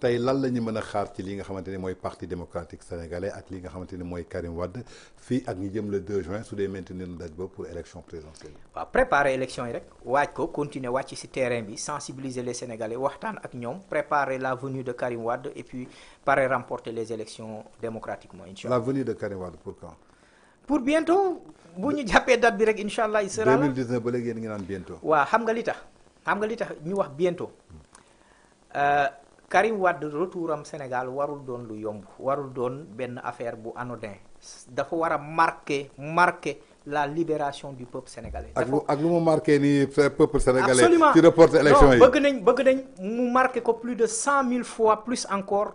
tey lan la ñu mën a xaar ci li nga xamante ne parti démocratique sénégalais ak li nga xamante ne Karim Wade fii ak ñu jëm le 2 juin su dee maintenir na pour élection présidentielle. waaw préparer élection yi rek waaj ko continuer wàcc ci terrain bi sensibiliser les sénégalais waxtaan ak ñoom préparer la venue de Karim Wade et puis pare remporter les élections démocratiques. la venue de Karim Wade pour quand. pour bientôt bu ñu jàppee date bi rek incha allah. il sera 2019 ba léegi yéen ngi naan bientôt. waaw xam nga li tax xam nga li tax ñu wax bientôt. Euh... Karim Wade retour am Sénégal warul doon lu yomb warul doon ben affaire bu anodin dafa wara marquer marquer la libération du peuple sénégalais. ak lu ak lu mu marqué nii peuple sénégalais. absolument ci reporte élection yi bëgg nañ bëgg nañ mu marquer ko plus de cent mille fois plus encore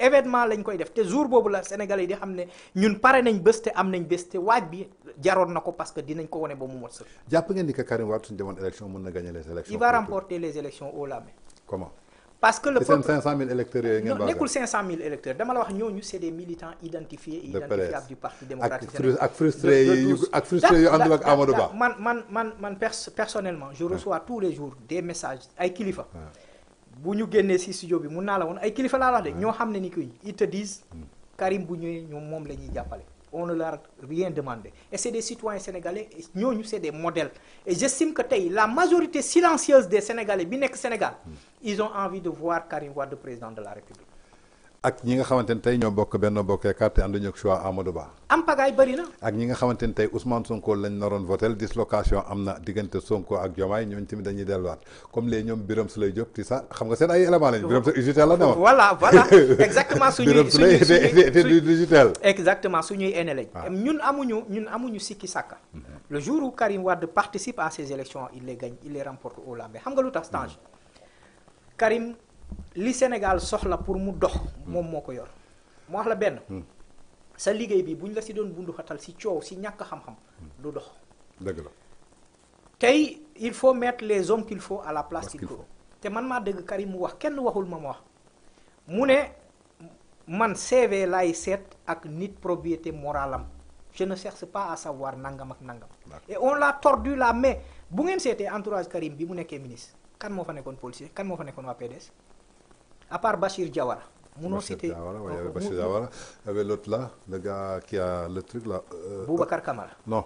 événement lañ koy def te jour bobu la sénégalais yi di xamné ñun paré nañ bés am nañ bés te waaj bi jaroon nako parce que dinañ ko woné ba mu mot sëkk. jàpp ngeen ni que Karim Wade suñu demoon élection mën na gagner les élections. il va remporter les élections au la main. comment parce que le peuple 500 000 électeurs yooyu ngeen. 500 000 électeurs dama la wax ñooñu c'est des militants identifiés et identifiables du parti démocratique Et frustré yu ak frustré yu personnellement je reçois tous les jours des messages ay kilifa. si studio bi mun naa la woon ay kilifa wax ils te disent mm. Karim bu ñëwee ñoom moom la ont on ne leur a rien demandé. Et c'est des citoyens sénégalais, nous, c'est des modèles. Et j'estime que la majorité silencieuse des Sénégalais bien que Sénégal, mm. ils ont envie de voir Karim Wade président de la République. ak ñi nga xamante ne tey ñoo bokk benn bokk yaakaar te am nga xamante ne tey Ousmane Sonko lañ naroon votel dislocation am na diggante Sonko ak Diomaye ñooñu tamit dañuy delluwaat comme léegi ñoom Birame Souleye Diop ti sax xam nga seen ay éléments lañu. Birame Souleye UGTEL la ne du UGTEL. Ah. ñun amuñu ñun amuñu sikki sàkka. Mhm. le jour où Karim Wade participe à ces élections il les gagne il les remporte au lendemain xam nga lu tax Tange mhm. Karim li Sénégal soxla pour mu dox moom moo ko yor mu wax la benn hmm. sa liggéey bi buñ la si doon bundu xatal si coow si ñàkk xam-xam hmm. du dox dëgg la tey il faut mettre les hommes qu'il faut à la place qu'il faut te man maa dëgg Karim mu wax kenn waxul ma wax mu ne man CV laay seet ak nit propriété moralam je ne cherche pas à savoir nangam ak nangam et on l'a tordu la main bu ngeen seetee entourage Karim bi mu nekkee ministre kan moo fa nekkoon policier kan moo fa nekkoon waa PDS à part Bachir Diawara. munoo cité Bachir Diawara y avait l'autre là le gars qui a le truc là. Euh, Boubacar Camara. non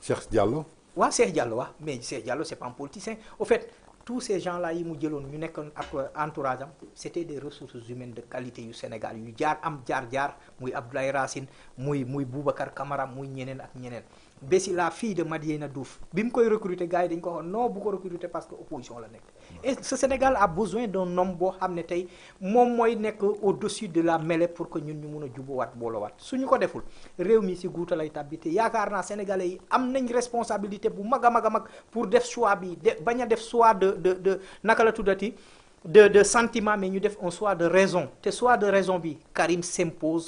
Cheikh Diallo. waaw Cheikh Diallo waaw mais Cheikh Diallo c'est pas un politicien au fait. tous ces gens-là yi mu disent ñu nekkoon ak entourage am c'était des ressources humaines de qualité yu Sénégal yu jaar am jaar-jaar muy Abdoulaye Racine muy muy Boubacar Camara muy ñeneen ak ñeneen Bessi la fille de Madiena Douf. Bim mu koy recruter gars yi dañ ko non bu ko recruter parce que opposition la nekk et ce Sénégal a besoin d'un homme boo xam ne tey moom mooy au-dessus de la mêlée pour que ñun ñu mun a jubuwaat boolowaat suñu ko deful réew mi si guuta lay tàbbi te yaakaar sénégalais yi am nañ responsabilité bu mag a mag pour def choix bi de def choix de de de nakala tudati de de sentiment mais nous def un soir de raison te soir de raison bi Karim s'impose